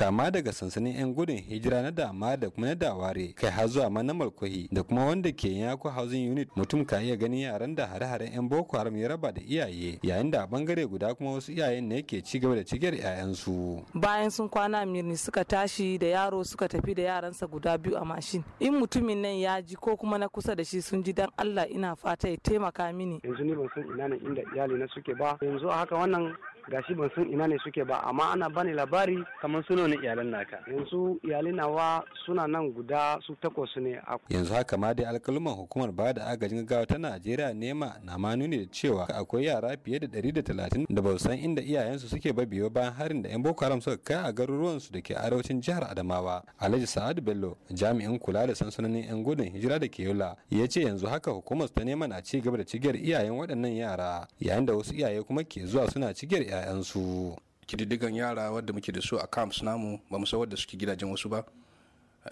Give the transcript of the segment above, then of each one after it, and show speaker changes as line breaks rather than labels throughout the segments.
kama daga sansanin 'yan gudun hijira na dama da kuma na daware kai har zuwa ma na da kuma wanda ke yako housing unit mutum ka iya ganin yaran da hare-haren 'yan boko haram ya raba da iyaye yayin da a bangare guda kuma wasu iyayen ne ke ci gaba da cikiyar 'ya'yansu bayan sun kwana mirni suka tashi da yaro suka tafi da yaransa guda biyu a mashin in mutumin nan ya ji ko kuma na kusa da shi sun ji dan Allah ina fata ya taimaka mini yanzu ni ban san ina nan inda iyali na suke ba yanzu a haka wannan gashi ban san ina ne suke ba amma ana bani labari kamar suna ne iyalan naka yanzu iyalai nawa suna nan guda su takwas ne yanzu haka ma dai alkaluman hukumar ba da agajin gaggawa ta Najeriya nema na ma nuni da cewa akwai yara fiye da 130 da talatin ba san inda iyayensu suke ba biyo bayan harin da yan Boko Haram suka kai a garuruwan su da ke arewacin jihar Adamawa Alhaji sa'adu Bello jami'in kula da sansanonin yan gudun hijira da ke Yola ya ce yanzu haka hukumar ta nema na ci gaba da cigiyar iyayen waɗannan yara yayin da wasu iyaye kuma ke zuwa suna cigiyar 'ya'yansu kididdigan yara wadda muke da su a camps namu
ba mu san wadda suke gidajen wasu ba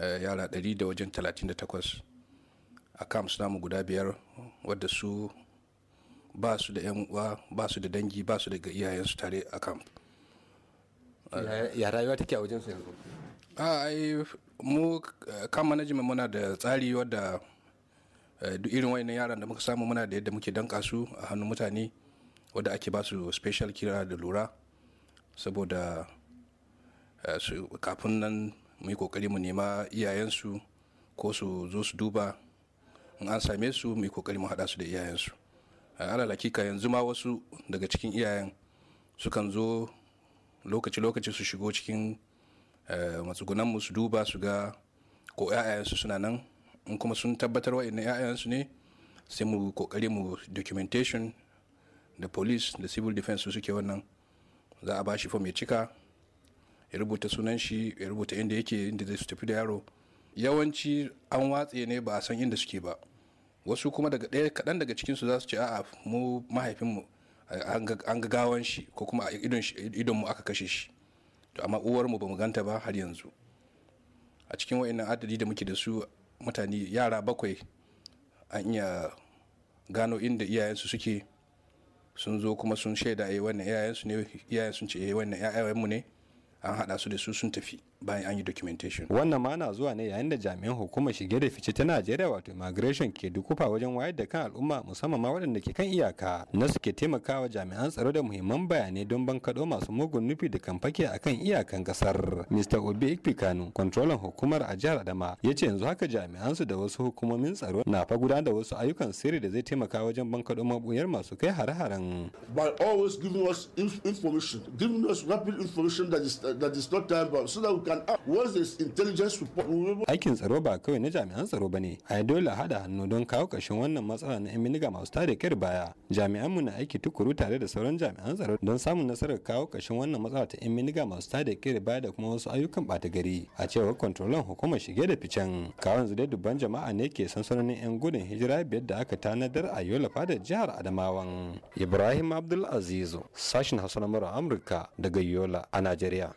eh, yara 100 da wajen 38 a camps namu guda biyar wadda su ba su da 'yan uwa ba su da dangi ba su daga iyayensu tare a camp eh, ya rayuwa take a wajen su yanzu a ai mu kan eh, management muna da tsari wadda duk irin wayannan yaran da muka samu muna da yadda muke danka su a hannun mutane wadda ake ba su special kira da lura saboda eh, kafin nan mu yi kokari mu nema iyayensu ko su zo su duba in an same su mu yi kokari mu haɗa su da iyayensu eh, alal hakika yanzu ma wasu daga cikin iyayen sukan zo lokaci-lokaci su shigo cikin eh, matsugunan su duba su ga ko 'ya'yansu suna nan in kuma sun tabbatar wa'in 'ya'yansu ne sai mu kokari mu documentation da police da civil defense su suke wannan za a bashi fom ya cika ya rubuta sunan shi ya rubuta inda yake inda zai su tafi da yaro yawanci an watse ne ba a san inda suke ba wasu kuma daga ɗaya kaɗan daga cikinsu za su ce a'a mu mahaifinmu an ga gawan shi ko kuma a idon mu aka kashe shi to amma uwarmu ba bamu ganta ba har yanzu a cikin wa'annan adadi da muke da su mutane yara bakwai an iya gano inda iyayensu suke sun zo kuma sun shaida a eh, yi wannan su ne iyayen sun ce eh wannan mu ne an haɗa su da su sun tafi bayan an yi documentation.
Wannan ma na zuwa ne yayin da jami'an hukumar shige da fice ta Najeriya wato immigration ke dukufa wajen wayar da kan al'umma musamman ma waɗanda ke kan iyaka na suke taimakawa jami'an tsaro da muhimman bayanai don bankaɗo masu mugun nufi da kan fake akan iyakan kasar. Mr. Obi Ikpikanu, kontrolan hukumar a jihar Adama, ya ce yanzu haka jami'an su da wasu hukumomin tsaro na fa gudanar da wasu ayyukan sirri da zai taimaka wajen bankaɗo mabuyar masu kai hare-haren.
By always giving us information, giving us rapid information that is, that is not time bound so that we can.
Aikin tsaro ba kawai na jami'an tsaro ba ne, a dole haɗa hannu don kawo ƙarshen wannan matsala na 'yan bindiga masu tada kyar baya. Jami'an mu na aiki tukuru tare da sauran jami'an tsaro don samun nasarar kawo ƙarshen wannan matsala ta 'yan bindiga masu tada kyar baya da kuma wasu ayyukan bata gari. A cewar kwantrolan hukumar shige da ficen, kawon zai dubban jama'a ne ke sansanonin 'yan gudun hijira biyar da aka tanadar a Yola fadar jihar Adamawan. Ibrahim Abdul Azizu, sashin Hausa na Amurka daga Yola a Najeriya.